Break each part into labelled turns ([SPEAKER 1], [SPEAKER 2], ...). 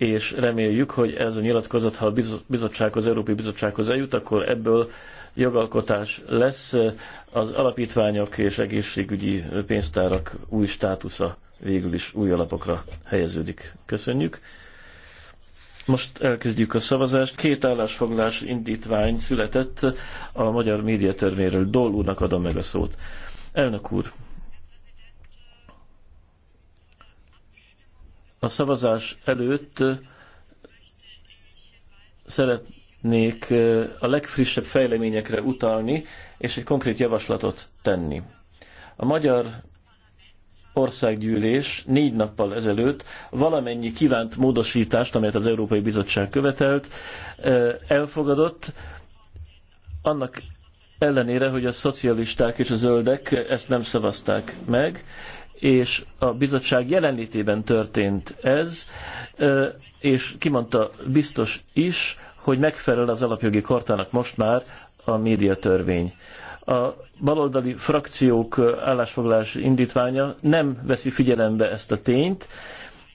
[SPEAKER 1] és reméljük, hogy ez a nyilatkozat, ha a bizottsághoz, az Európai Bizottsághoz eljut, akkor ebből jogalkotás lesz az alapítványok és egészségügyi pénztárak új státusza végül is új alapokra helyeződik. Köszönjük. Most elkezdjük a szavazást. Két állásfoglás indítvány született a magyar médiatörvényről. Dól úrnak adom meg a szót. Elnök úr, a szavazás előtt szeretnék a legfrissebb fejleményekre utalni, és egy konkrét javaslatot tenni. A magyar országgyűlés négy nappal ezelőtt valamennyi kívánt módosítást, amelyet az Európai Bizottság követelt, elfogadott, annak ellenére, hogy a szocialisták és a zöldek ezt nem szavazták meg, és a bizottság jelenlétében történt ez, és kimondta biztos is, hogy megfelel az alapjogi kortának most már a médiatörvény. A baloldali frakciók állásfoglalás indítványa nem veszi figyelembe ezt a tényt,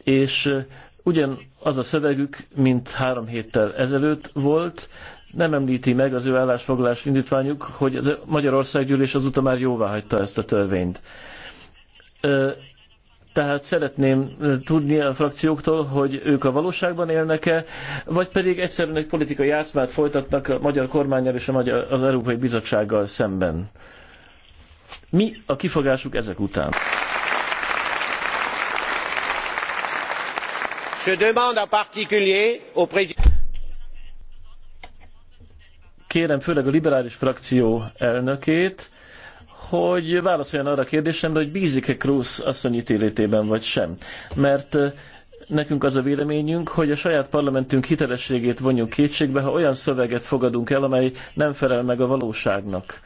[SPEAKER 1] és ugyan az a szövegük, mint három héttel ezelőtt volt, nem említi meg az ő állásfoglalás indítványuk, hogy az Magyarországgyűlés azóta már jóvá hagyta ezt a törvényt tehát szeretném tudni a frakcióktól, hogy ők a valóságban élnek-e, vagy pedig egyszerűen egy politikai játszmát folytatnak a magyar kormányjal és a magyar, az Európai Bizottsággal szemben. Mi a kifogásuk ezek után? Kérem főleg a liberális frakció elnökét, hogy válaszoljon arra a kérdésemre, hogy bízik-e Cruz asszony ítélétében vagy sem. Mert nekünk az a véleményünk, hogy a saját parlamentünk hitelességét vonjuk kétségbe, ha olyan szöveget fogadunk el, amely nem felel meg a valóságnak.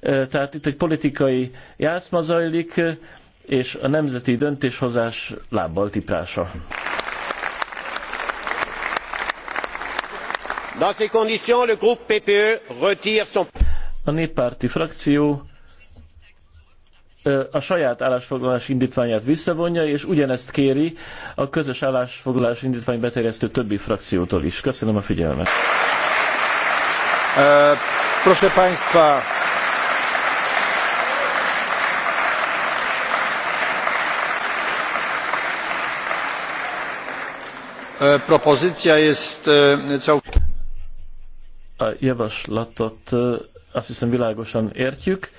[SPEAKER 1] Tehát itt egy politikai játszma zajlik, és a nemzeti döntéshozás lábbal tiprása.
[SPEAKER 2] Dans ces conditions, le groupe PPE
[SPEAKER 1] retire son... A néppárti frakció a saját állásfoglalás indítványát visszavonja, és ugyanezt kéri a közös állásfoglalás indítvány beterjesztő többi frakciótól is. Köszönöm a figyelmet. Uh,
[SPEAKER 2] proszę Państwa,
[SPEAKER 1] propozycja jest e, A javaslatot e, azt hiszem világosan értjük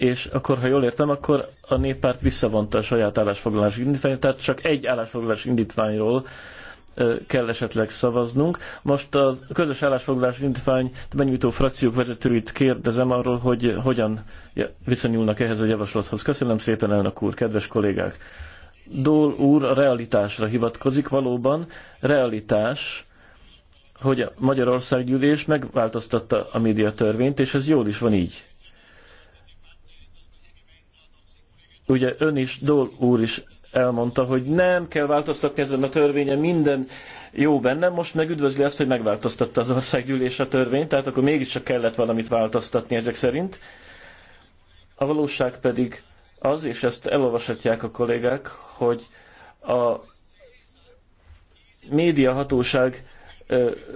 [SPEAKER 1] és akkor, ha jól értem, akkor a néppárt visszavonta a saját állásfoglalás indítványát, tehát csak egy állásfoglalás indítványról kell esetleg szavaznunk. Most a közös állásfoglalás indítvány benyújtó frakciók vezetőit kérdezem arról, hogy hogyan viszonyulnak ehhez a javaslathoz. Köszönöm szépen, elnök úr, kedves kollégák! Dól úr a realitásra hivatkozik, valóban realitás, hogy a Magyarország gyűlés megváltoztatta a médiatörvényt, és ez jól is van így Ugye ön is, Dol úr is elmondta, hogy nem kell változtatni ezen a törvényen, minden jó benne, most meg üdvözli azt, hogy megváltoztatta az országgyűlés a törvényt, tehát akkor mégiscsak kellett valamit változtatni ezek szerint. A valóság pedig az, és ezt elolvashatják a kollégák, hogy a médiahatóság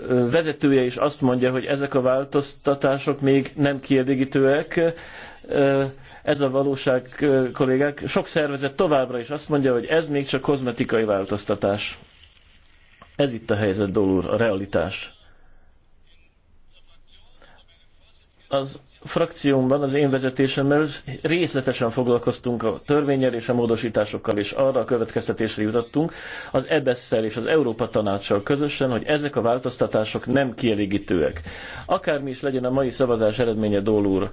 [SPEAKER 1] vezetője is azt mondja, hogy ezek a változtatások még nem kielégítőek, ez a valóság, kollégák, sok szervezet továbbra is azt mondja, hogy ez még csak kozmetikai változtatás. Ez itt a helyzet, Dolur, a realitás. Az frakciómban, az én vezetésemmel részletesen foglalkoztunk a törvényel és a módosításokkal, és arra a következtetésre jutottunk az EBESZ-szel és az Európa Tanácssal közösen, hogy ezek a változtatások nem kielégítőek. Akármi is legyen a mai szavazás eredménye, Dolur, úr,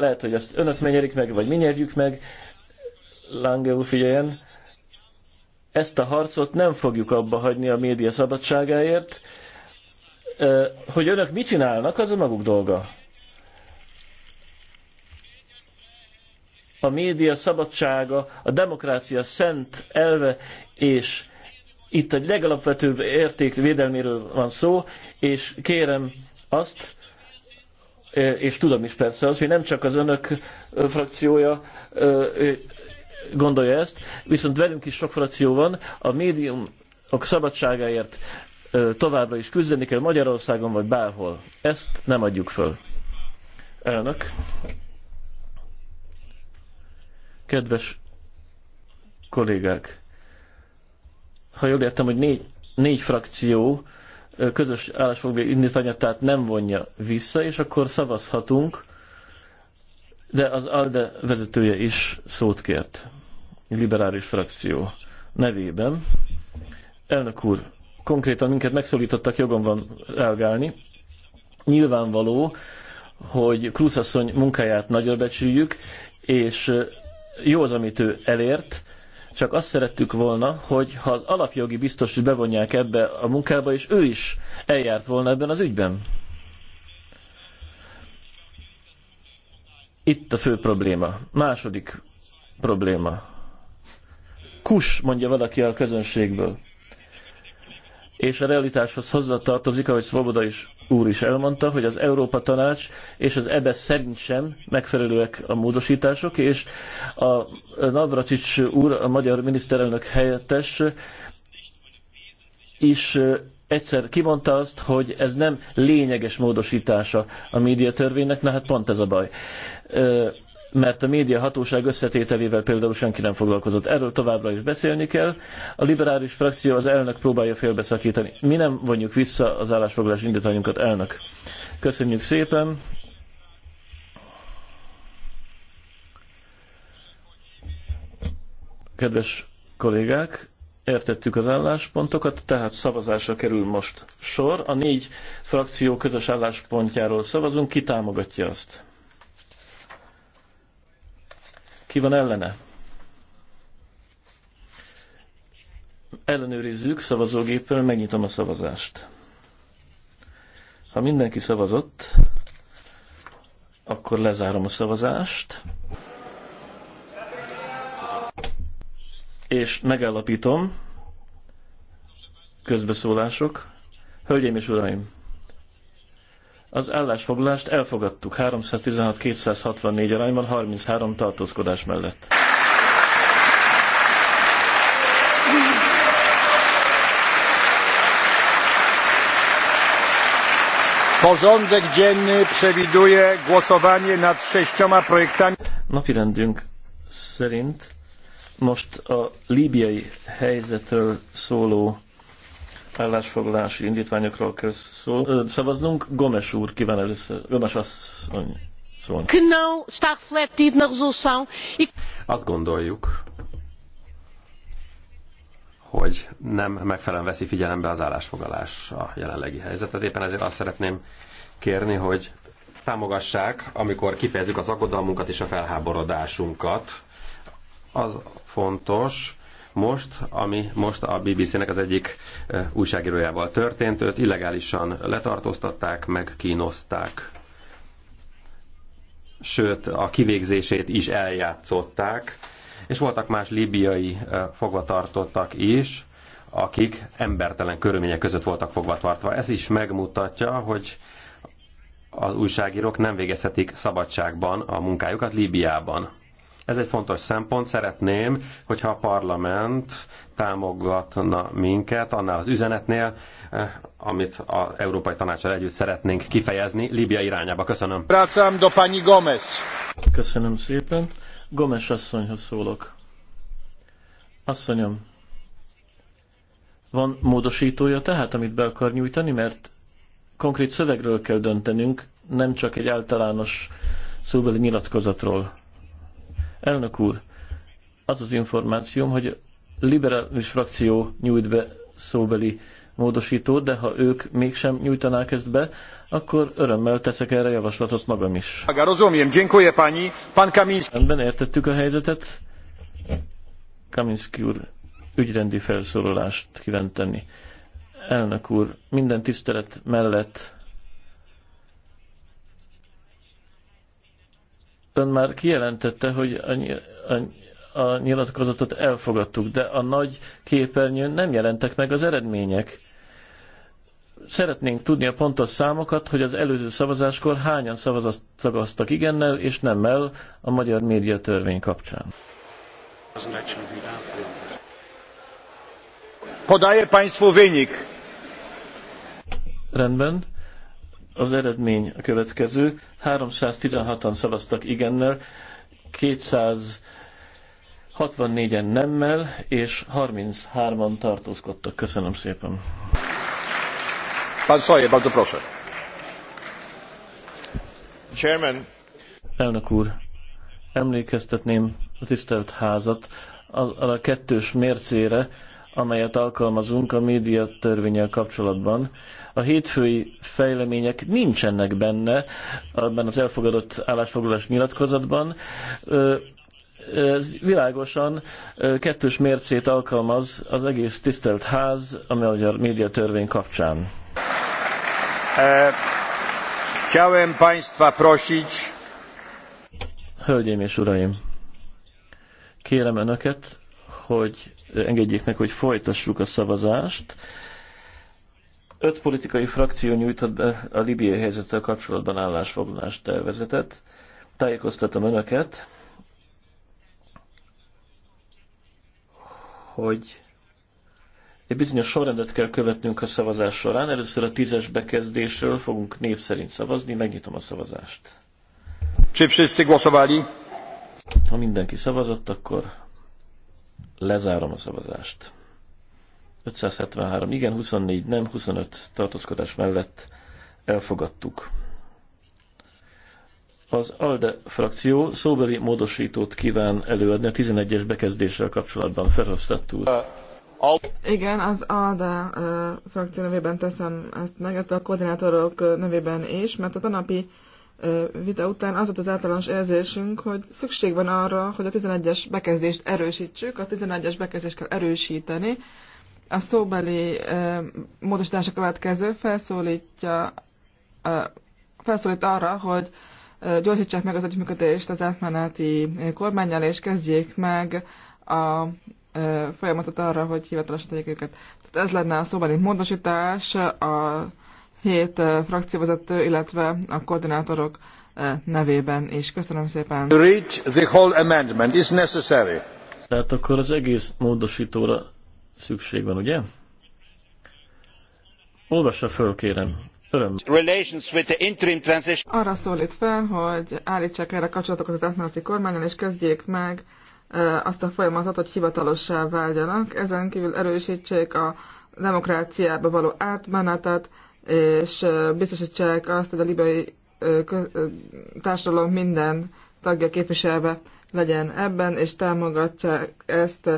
[SPEAKER 1] lehet, hogy ezt önök megnyerik meg, vagy mi nyerjük meg, Lange úr figyeljen, ezt a harcot nem fogjuk abba hagyni a média szabadságáért, hogy önök mit csinálnak, az a maguk dolga. A média szabadsága, a demokrácia szent elve, és itt egy legalapvetőbb érték védelméről van szó, és kérem azt, Eh, és tudom is persze az, hogy nem csak az önök eh, frakciója eh, gondolja ezt, viszont velünk is sok frakció van, a médiumok szabadságáért továbbra is küzdeni kell Magyarországon vagy bárhol. Ezt nem adjuk föl. Elnök. Kedves kollégák, ha jól értem, hogy négy, négy frakció közös állásfoglaló indítványát, tehát nem vonja vissza, és akkor szavazhatunk, de az ALDE vezetője is szót kért, liberális frakció nevében. Elnök úr, konkrétan minket megszólítottak, jogom van reagálni. Nyilvánvaló, hogy Krúzasszony munkáját nagyra becsüljük, és jó az, amit ő elért, csak azt szerettük volna, hogy ha az alapjogi biztos, hogy bevonják ebbe a munkába, és ő is eljárt volna ebben az ügyben. Itt a fő probléma. Második probléma. Kus, mondja valaki a közönségből. És a realitáshoz hozzátartozik, ahogy Svoboda is úr is elmondta, hogy az Európa Tanács és az EBS szerint sem megfelelőek a módosítások, és a Navracsics úr, a magyar miniszterelnök helyettes is egyszer kimondta azt, hogy ez nem lényeges módosítása a médiatörvénynek, na hát pont ez a baj mert a média hatóság összetételével például senki nem foglalkozott. Erről továbbra is beszélni kell. A liberális frakció az elnök próbálja félbeszakítani. Mi nem vonjuk vissza az állásfoglalás indítványunkat, elnök. Köszönjük szépen. Kedves kollégák, értettük az álláspontokat, tehát szavazásra kerül most sor. A négy frakció közös álláspontjáról szavazunk, ki támogatja azt? Ki van ellene? Ellenőrizzük szavazógéppel, megnyitom a szavazást. Ha mindenki szavazott, akkor lezárom a szavazást. És megállapítom, közbeszólások. Hölgyeim és uraim! Az állásfoglalást elfogadtuk 316-264 arányban 33 tartózkodás mellett. Porządek
[SPEAKER 2] dzienny przewiduje głosowanie nad sześcioma projektami.
[SPEAKER 1] Napirendünk szerint most a líbiai helyzetről szóló állásfoglalási indítványokról kell szó. szavaznunk. Gomes úr kíván először, Gomes asszony
[SPEAKER 3] e
[SPEAKER 2] Azt gondoljuk, hogy nem megfelelően veszi figyelembe az állásfoglalás a jelenlegi helyzetet. Éppen ezért azt szeretném kérni, hogy támogassák, amikor kifejezzük az aggodalmunkat és a felháborodásunkat. Az fontos, most, ami most a BBC-nek az egyik eh, újságírójával történt. Őt illegálisan letartóztatták, megkínozták. Sőt, a kivégzését is eljátszották. És voltak más libiai eh, fogvatartottak is, akik embertelen körülmények között voltak fogvatartva. Ez is megmutatja, hogy az újságírók nem végezhetik szabadságban a munkájukat Líbiában ez egy fontos szempont. Szeretném, hogyha a parlament támogatna minket annál az üzenetnél, eh, amit az Európai Tanácsal együtt szeretnénk kifejezni Líbia irányába.
[SPEAKER 1] Köszönöm. Rácám do pani Gomez. Köszönöm szépen. Gomes asszonyhoz szólok. Asszonyom, van módosítója tehát, amit be akar nyújtani, mert konkrét szövegről kell döntenünk, nem csak egy általános szóbeli nyilatkozatról. Elnök úr, az az információm, hogy a liberális frakció nyújt be szóbeli módosítót, de ha ők mégsem nyújtanák ezt be, akkor örömmel teszek erre javaslatot magam is. Rozumiem, dziękuję pani. Pan Kamiński. Rendben értettük a helyzetet. Kaminski úr ügyrendi felszólalást kívánt tenni. Elnök úr, minden tisztelet mellett ön már kijelentette, hogy a, a, a nyilatkozatot elfogadtuk, de a nagy képernyőn nem jelentek meg az eredmények. Szeretnénk tudni a pontos számokat, hogy az előző szavazáskor hányan szavaztak igennel és nemmel a magyar média törvény kapcsán. Podaje Państwu wynik. Rendben. Az eredmény a következő. 316-an szavaztak igennel, 264-en nemmel, és 33-an tartózkodtak. Köszönöm szépen. Elnök úr, emlékeztetném a tisztelt házat a kettős mércére, amelyet alkalmazunk a média törvényel kapcsolatban. A hétfői fejlemények nincsenek benne abban az elfogadott állásfoglalás nyilatkozatban. Ez világosan kettős mércét alkalmaz az egész tisztelt ház, amely a magyar média törvény kapcsán.
[SPEAKER 2] E, chciałem Państwa prosić.
[SPEAKER 1] Hölgyeim és Uraim, kérem Önöket, hogy engedjék meg, hogy folytassuk a szavazást. Öt politikai frakció nyújtott be a libiai helyzettel kapcsolatban állásfoglalást tervezetet. Tájékoztatom önöket, hogy egy bizonyos sorrendet kell követnünk a szavazás során. Először a tízes bekezdésről fogunk név szerint szavazni. Megnyitom a szavazást. Czy wszyscy głosowali? Ha mindenki szavazott, akkor Lezárom a szavazást. 573 igen, 24 nem, 25 tartózkodás mellett elfogadtuk. Az ALDE frakció szóbeli módosítót kíván előadni a 11-es bekezdéssel kapcsolatban. Ferhofstadt úr.
[SPEAKER 3] Igen, az ALDE frakció nevében teszem ezt meg, a koordinátorok nevében is, mert a tanapi vita után az volt az általános érzésünk, hogy szükség van arra, hogy a 11-es bekezdést erősítsük, a 11-es bekezdést kell erősíteni. A szóbeli módosítása következő felszólítja, felszólít arra, hogy gyorsítsák meg az együttműködést az átmeneti kormányjal, és kezdjék meg a folyamatot arra, hogy hivatalosan tegyék őket. Tehát ez lenne a szóbeli módosítás, a hét frakcióvezető, illetve a koordinátorok nevében is. Köszönöm szépen. To
[SPEAKER 1] reach the whole amendment is necessary. Tehát akkor az egész módosítóra szükség van, ugye? Olvassa föl, kérem. Öröm.
[SPEAKER 3] Arra szólít fel, hogy állítsák erre kapcsolatokat az átmeneti kormányon, és kezdjék meg azt a folyamatot, hogy hivatalossá váljanak. Ezen kívül erősítsék a demokráciába való átmenetet, és biztosítsák azt, hogy a libai társadalom minden tagja képviselve legyen ebben, és támogatják ezt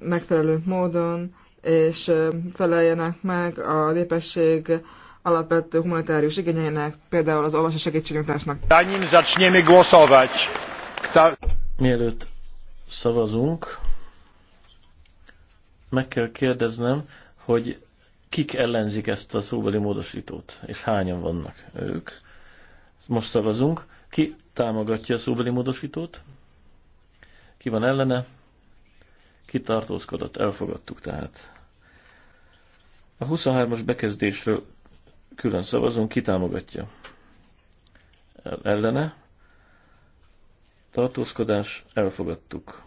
[SPEAKER 3] megfelelő módon, és feleljenek meg a népesség alapvető humanitárius igényeinek, például az olvasás segítségnyújtásnak.
[SPEAKER 1] Mielőtt szavazunk, meg kell kérdeznem, hogy kik ellenzik ezt a szóbeli módosítót, és hányan vannak ők. Most szavazunk. Ki támogatja a szóbeli módosítót? Ki van ellene? Ki tartózkodott? Elfogadtuk tehát. A 23-as bekezdésről külön szavazunk. Ki támogatja? Ellene? Tartózkodás? Elfogadtuk.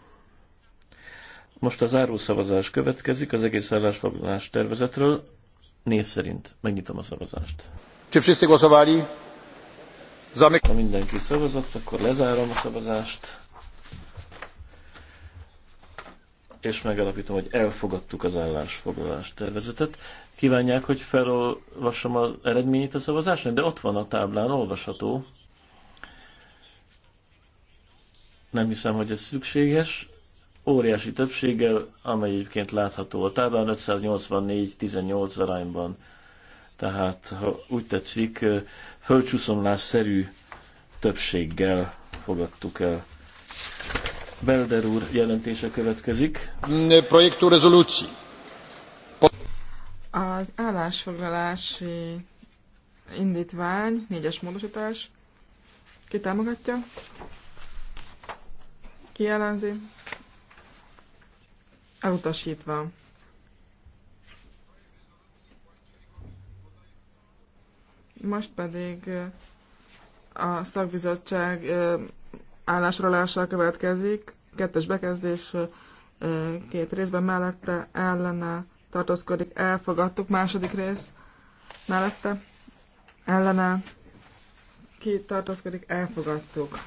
[SPEAKER 1] Most a záró szavazás következik az egész állásfoglalás tervezetről Név szerint megnyitom a szavazást. Czy wszyscy głosowali? Zamyk... Ha mindenki szavazott, akkor lezárom a szavazást. És megalapítom, hogy elfogadtuk az állásfoglalás tervezetet. Kívánják, hogy felolvassam az eredményét a szavazásnak, de ott van a táblán, olvasható. Nem hiszem, hogy ez szükséges óriási többséggel, amely egyébként látható a táblán 584-18 arányban. Tehát, ha úgy tetszik, földcsúszomlásszerű többséggel fogadtuk el. Belder úr jelentése következik. Projektú rezolúció.
[SPEAKER 3] Az állásfoglalási indítvány, négyes módosítás. Ki támogatja? Ki ellenzi? Elutasítva. Most pedig a szakbizottság állásrólása következik. Kettes bekezdés két részben mellette ellene tartózkodik. Elfogadtuk. Második rész mellette ellene ki tartózkodik. Elfogadtuk.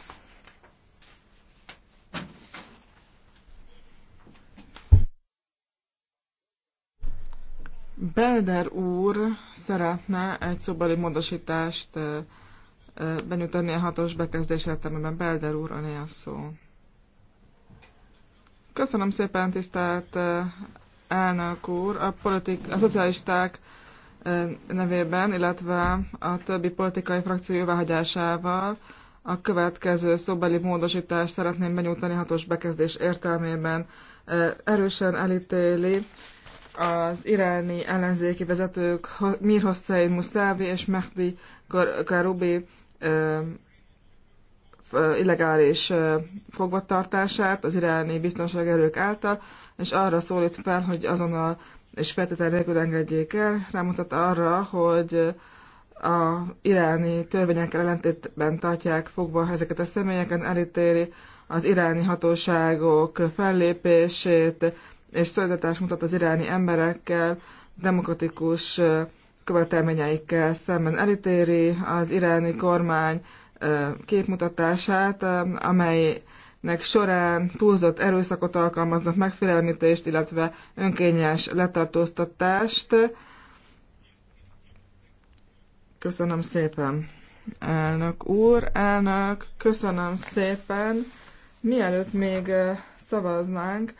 [SPEAKER 3] Belder úr szeretne egy szobali módosítást benyújtani a hatos bekezdés értelmében. Belder úr, öné a szó. Köszönöm szépen, tisztelt elnök úr. A, politik, a szocialisták nevében, illetve a többi politikai frakció jóváhagyásával a következő szóbeli módosítást szeretném benyújtani hatos bekezdés értelmében. Erősen elítéli az iráni ellenzéki vezetők Mir Hossein Musavi és Mehdi Garubi illegális fogvatartását az iráni biztonsági erők által, és arra szólít fel, hogy azonnal és feltétlenül nélkül engedjék el, rámutat arra, hogy a iráni törvényekkel ellentétben tartják fogva ezeket a személyeket, elítéli az iráni hatóságok fellépését, és szolidatást mutat az iráni emberekkel, demokratikus követelményeikkel szemben elítéri az iráni kormány képmutatását, amelynek során túlzott erőszakot alkalmaznak, megfélemlítést, illetve önkényes letartóztatást. Köszönöm szépen, elnök úr, elnök, köszönöm szépen. Mielőtt még szavaznánk,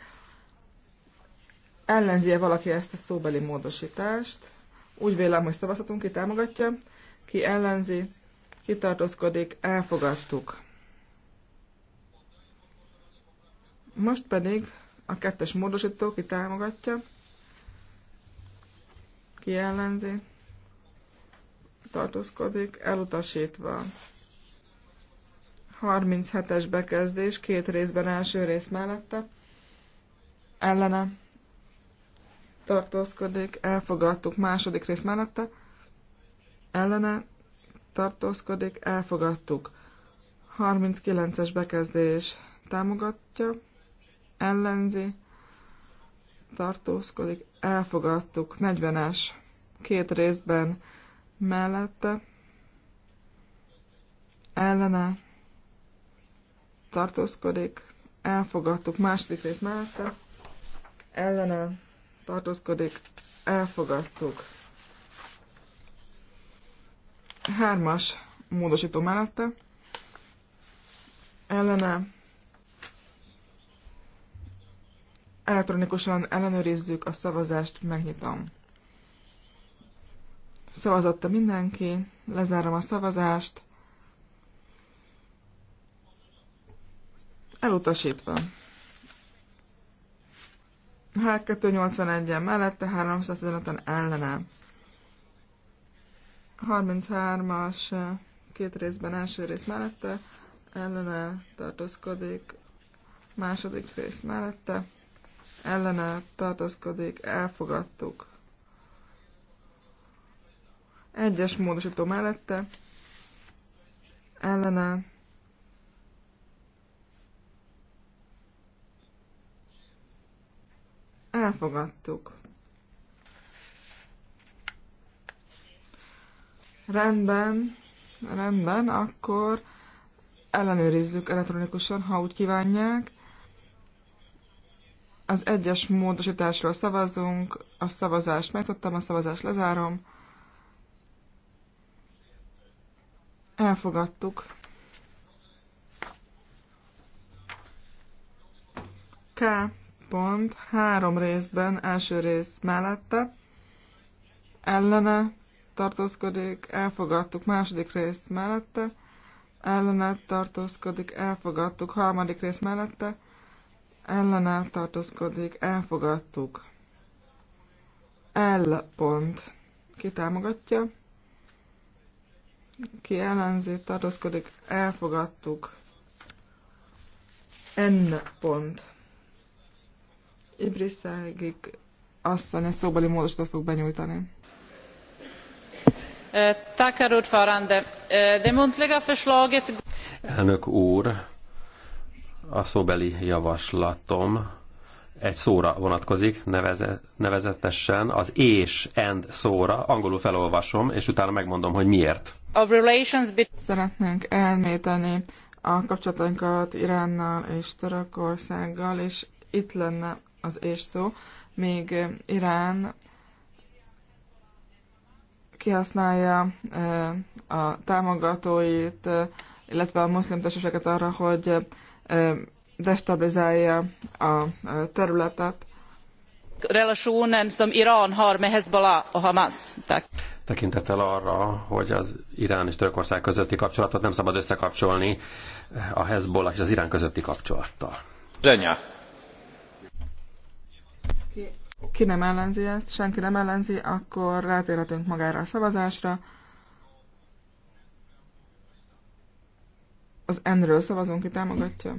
[SPEAKER 3] Ellenzi ellenzi-e valaki ezt a szóbeli módosítást. Úgy vélem, hogy szavazhatunk, ki támogatja, ki ellenzi, ki tartózkodik, elfogadtuk. Most pedig a kettes módosító, ki támogatja, ki ellenzi, tartózkodik, elutasítva. 37-es bekezdés, két részben első rész mellette, ellene tartózkodik, elfogadtuk. Második rész mellette, ellene tartózkodik, elfogadtuk. 39-es bekezdés támogatja, ellenzi, tartózkodik, elfogadtuk. 40-es két részben mellette, ellene tartózkodik, elfogadtuk második rész mellette, ellene tartózkodik, elfogadtuk. Hármas módosító mellette, ellene elektronikusan ellenőrizzük a szavazást, megnyitom. Szavazotta mindenki, lezárom a szavazást. Elutasítva. H281-en mellette, 315-en ellene. 33-as eh, két részben első rész mellette, ellene tartózkodik, második rész mellette, ellene tartózkodik, elfogadtuk. Egyes módosító mellette, ellene Elfogadtuk. Rendben, rendben, akkor ellenőrizzük elektronikusan, ha úgy kívánják. Az egyes módosításról szavazunk, a szavazást megtudtam, a szavazást lezárom. Elfogadtuk. K pont három részben, első rész mellette, ellene tartózkodik, elfogadtuk, második rész mellette, ellene tartózkodik, elfogadtuk, harmadik rész mellette, ellene tartózkodik, elfogadtuk. L pont. Ki támogatja? Ki ellenzi, tartózkodik, elfogadtuk. N pont Ibriszágig asszony a szóbeli módosítót fog benyújtani. Eh, eh,
[SPEAKER 2] Elnök úr, a szóbeli javaslatom egy szóra vonatkozik, nevezetesen az és and szóra, angolul felolvasom, és utána megmondom, hogy miért.
[SPEAKER 3] Szeretnénk elméteni a kapcsolatainkat Iránnal és Törökországgal, és itt lenne az és szó, még Irán kihasználja a támogatóit, illetve a muszlim testvéket arra, hogy destabilizálja a területet. Relationen som Irán har med Hezbollah och Hamas. Tack.
[SPEAKER 2] Tekintettel arra, hogy az Irán és Törökország közötti kapcsolatot nem szabad összekapcsolni a Hezbollah és az Irán közötti kapcsolattal. Zsenya.
[SPEAKER 3] Ki nem ellenzi ezt, senki nem ellenzi, akkor rátérhetünk magára a szavazásra. Az N-ről szavazunk, ki támogatja.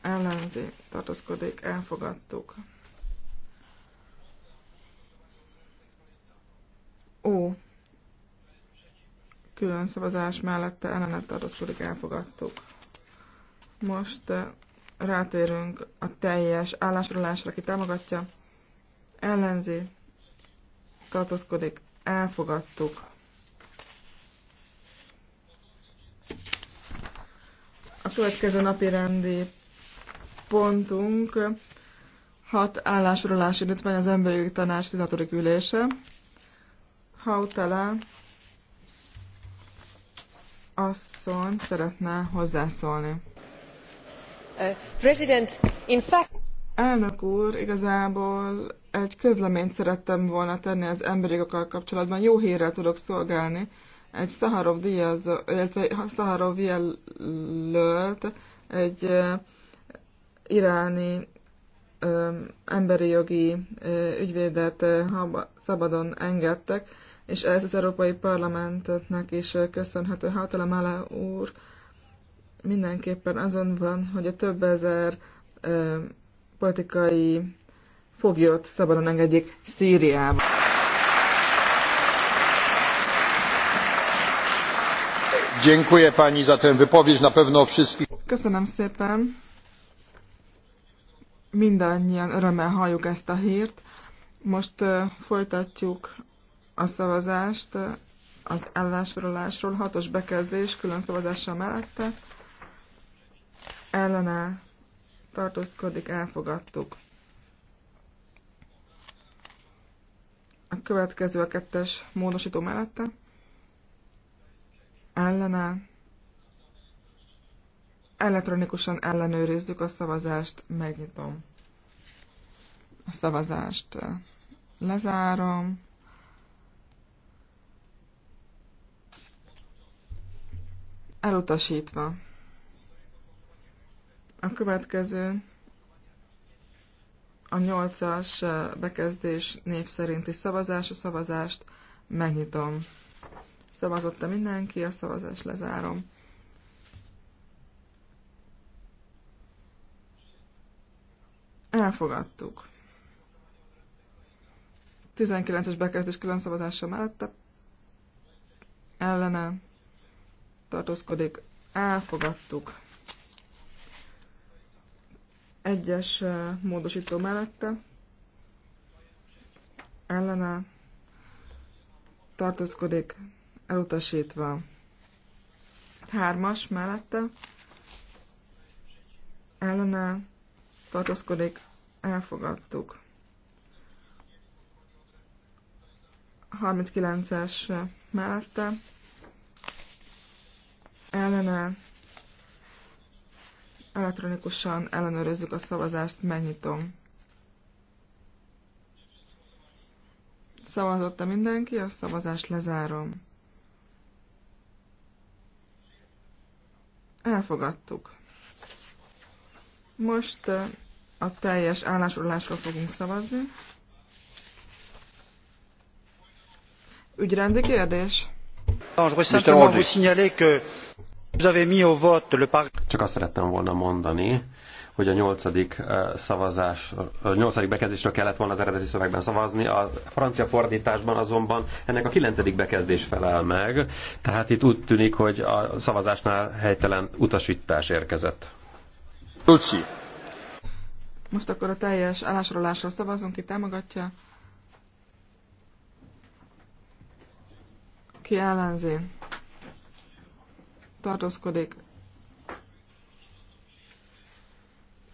[SPEAKER 3] Ellenzi, tartozkodik, elfogadtuk. Ó, külön szavazás mellette ellenet tartozkodik, elfogadtuk. Most eh, rátérünk a teljes állásfoglalásra, aki támogatja, ellenzi, tartózkodik, elfogadtuk. A következő napi rendi pontunk hat állásfoglalási indítvány az Emberi Tanács 16. ülése. Hautala asszony szeretne hozzászólni. Elnök úr, igazából egy közleményt szerettem volna tenni az emberi jogokkal kapcsolatban. Jó hírrel tudok szolgálni. Egy Szaharov díjaz, illetve Szaharov jelölt, egy iráni emberi jogi ügyvédet szabadon engedtek, és ez az Európai Parlamentnek is köszönhető. Hatalem Alá úr mindenképpen azon van, hogy a több ezer ö, politikai foglyot szabadon engedjék Szíriába.
[SPEAKER 2] Dziękuję pani za tę wypowiedź. Na pewno wszystkich.
[SPEAKER 3] Köszönöm szépen. Mindannyian örömmel halljuk ezt a hírt. Most uh, folytatjuk a szavazást az ellásorolásról. Hatos bekezdés, külön szavazással mellette ellene tartózkodik, elfogadtuk. A következő a kettes módosító mellette. Ellene elektronikusan ellenőrizzük a szavazást, megnyitom. A szavazást lezárom. Elutasítva. A következő a nyolcas eh, bekezdés név szerinti szavazás. A szavazást megnyitom. Szavazotta mindenki, a szavazást lezárom. Elfogadtuk. 19-es bekezdés külön szavazása mellette ellene tartózkodik. Elfogadtuk. Egyes módosító mellette ellene tartózkodik elutasítva. Hármas mellette ellene tartózkodik elfogadtuk. 39-es mellette ellene Elektronikusan ellenőrizzük a szavazást, megnyitom. Szavazotta mindenki, a szavazást lezárom. Elfogadtuk. Most a teljes állásolásról fogunk szavazni. Ügyrendi kérdés?
[SPEAKER 1] Non, je voudrais simplement vous
[SPEAKER 2] signaler que csak azt szerettem volna mondani, hogy a nyolcadik eh, szavazás, a nyolcadik bekezdésre kellett volna az eredeti szövegben szavazni, a francia fordításban azonban ennek a kilencedik bekezdés felel meg, tehát itt úgy tűnik, hogy a szavazásnál helytelen utasítás érkezett. Tucci.
[SPEAKER 3] Most akkor a teljes állásrólásról szavazunk, ki támogatja. Ki ellenzi? tartózkodik.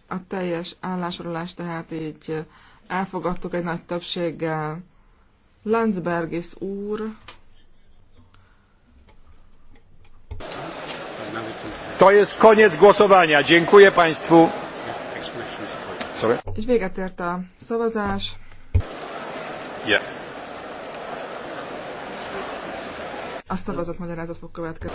[SPEAKER 3] A teljes állásolás, tehát így elfogadtuk egy nagy többséggel. Landsbergis úr.
[SPEAKER 2] To jest koniec głosowania. Dziękuję Państwu. Sorry.
[SPEAKER 3] És véget ért a szavazás. Yeah. A szavazat magyarázat fog következni.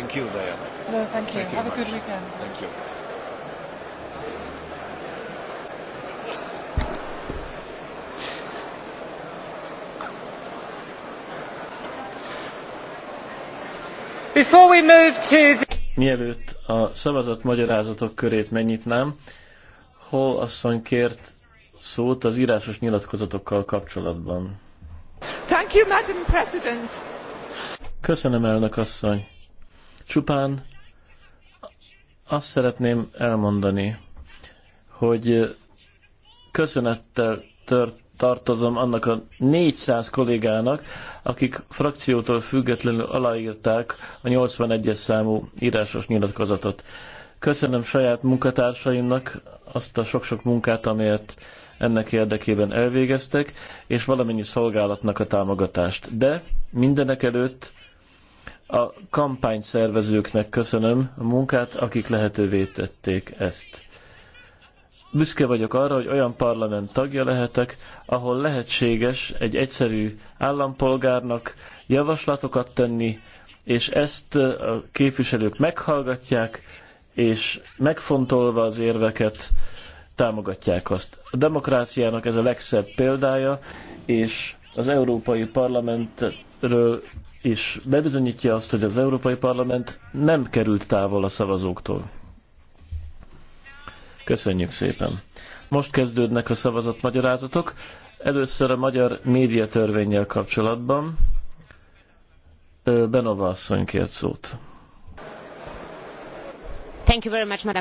[SPEAKER 1] Thank you, Diana. No, thank you. Thank you Have a good weekend. Thank you.
[SPEAKER 3] Before we move to the...
[SPEAKER 1] Mielőtt a szavazat magyarázatok körét megnyitnám, Hol asszony kért szót az írásos nyilatkozatokkal kapcsolatban.
[SPEAKER 3] Thank you, Madam President.
[SPEAKER 1] Köszönöm, elnök asszony. Csupán azt szeretném elmondani, hogy köszönettel tört, tartozom annak a 400 kollégának, akik frakciótól függetlenül aláírták a 81-es számú írásos nyilatkozatot. Köszönöm saját munkatársaimnak azt a sok-sok munkát, amelyet ennek érdekében elvégeztek, és valamennyi szolgálatnak a támogatást. De mindenek előtt a kampányszervezőknek köszönöm a munkát, akik lehetővé tették ezt. Büszke vagyok arra, hogy olyan parlament tagja lehetek, ahol lehetséges egy egyszerű állampolgárnak javaslatokat tenni, és ezt a képviselők meghallgatják, és megfontolva az érveket támogatják azt. A demokráciának ez a legszebb példája, és az Európai Parlament ről is bebizonyítja azt, hogy az Európai Parlament nem került távol a szavazóktól. Köszönjük szépen. Most kezdődnek a szavazat magyarázatok. Először a magyar médiatörvényel kapcsolatban Benova asszony kért szót.
[SPEAKER 3] Thank you very much, madam.